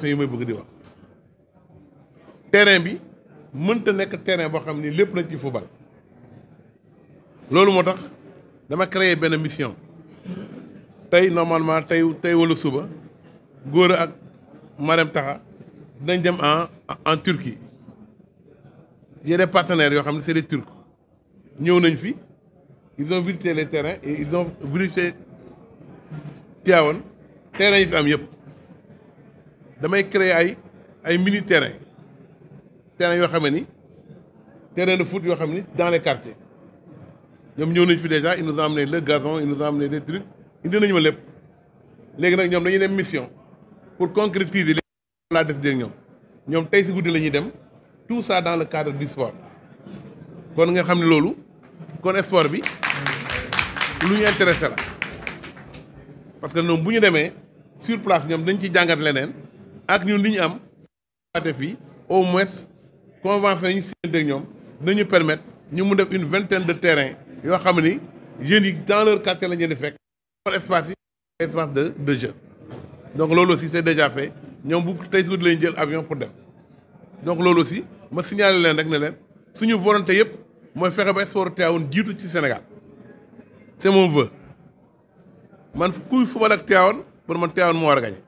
yi may bi mënta nekk terrain boo xam ni lépp lañ ci football loolu moo tax dama créer benn mission tey normalement tey tey wala suba góor ak Marème Taxa dañ dem en en Turquie y a des partenaires yoo xam ne c'est des Turcs ñëw nañ fi ils ont visité les terrains et ils ont visité Tivaouane terrain yi fi am yëpp damay créer ay ay mini terrain terrain yoo xam ne ni terrain de foot yoo xam ne ni dans les quartiers ñoom ñëw nañ fi déjà ils nous ont amené le gazon ils nous ont amené des trucs indi nañu ma lépp léegi nag ñoom dañuy dem mission pour concrétiser li laa des dégg ñoom ñoom tey si guddi la ñuy dem tout ça dans le cadre du sport kon nga xam ne loolu kon sport bi lu ñu intéressé la parce que ñoom bu ñu demee sur place ñoom dañu ci jàngat leneen ak ñu li ñu am waate fii au moins convention ñu signé ak ñoom dañu permettre ñu mu def une vingtaine de terrain yoo xam ni jeunes yi dans leur quartier la ñu fekk par espace espace de de jeu donc loolu aussi c'est déjà fait ñoom bu tey su lañu jël avion pour dem donc loolu aussi ma signaler leen rek ne leen suñu volonté yëpp mooy fexe ba sport Tivaouane jiitu ci Sénégal c'est mon vœu man kuy football ak Tivaouane pour man Tivaouane moo war a gagné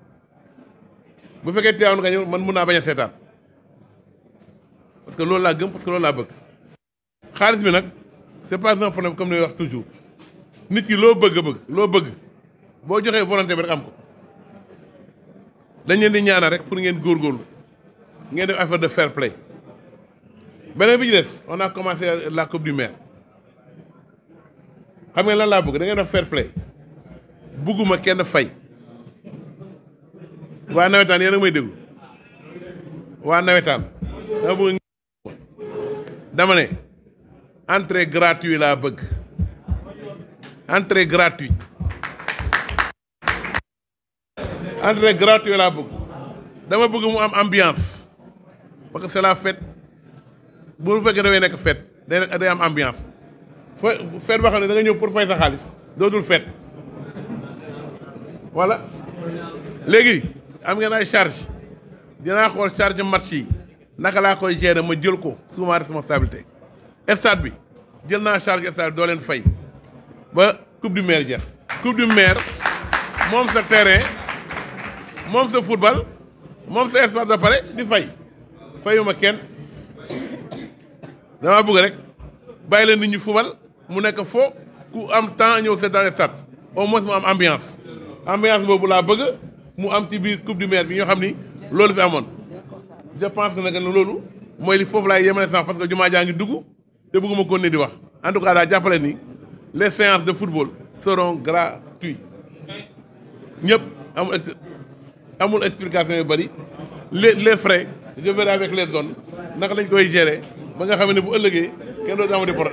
bu fekkee Tivaouane gagné man mun naa bañ a seetaan parce que loolu laa gëm parce que loolu laa bëgg xaalis bi nag. c'est pas un problème comme ni wax toujours nit ki loo bëgg bëgg loo bëgg boo joxee volonté bi rek am ko dañ leen di ñaanal rek pour ngeen góorgóorlu ngeen def affaire de fair play beneen bi ñu des on a commencé la coupe du maire xam nga la laa bëgg da ngeen fair play bugguma kenn fay waa nawetaan yéen a may déglu waa nawetaan dama dama ne entrée gratuite laa bëgg entrée gratuite entrée gratuite laa bëgg dama bëgg mu am ambiance parce que c'est la fête bu fekkee dafay nekk fête day day am ambiance fa fête boo xam ne da ñëw pour fay sa xaalis dootul fête voilà léegi am ngeen ay charge dinaa xool charge match yi naka laa koy gérer ma jël ko sous ma responsabilité stade bi jël naa charge stade bi doo leen fay ba coupe du maire jeex coupe du maire moom sa terrain moom sa football moom sa espace ba pare di fay fayuma kenn dama bëgg rek bàyyi leen nit ñu fubal mu nekk foo ku am temps ñëw seetaan stade au moins mu am ambiance ambiance boobu laa bëgg mu am ci biir coupe du maire bi ñoo xam ni loolu fi amoon je pense que nag loolu mooy li foofu laay yemale sax parce que jumaa jaa ngi dugg te bëgguma ko ne di wax en tout cas daa jàppale ni les séances de football seront gratuites ñëpp amul amul yu bëri les les frais je verrai avec les zones naka lañ koy gérer ba nga xam ne bu ëllëgee kenn dootu amati problème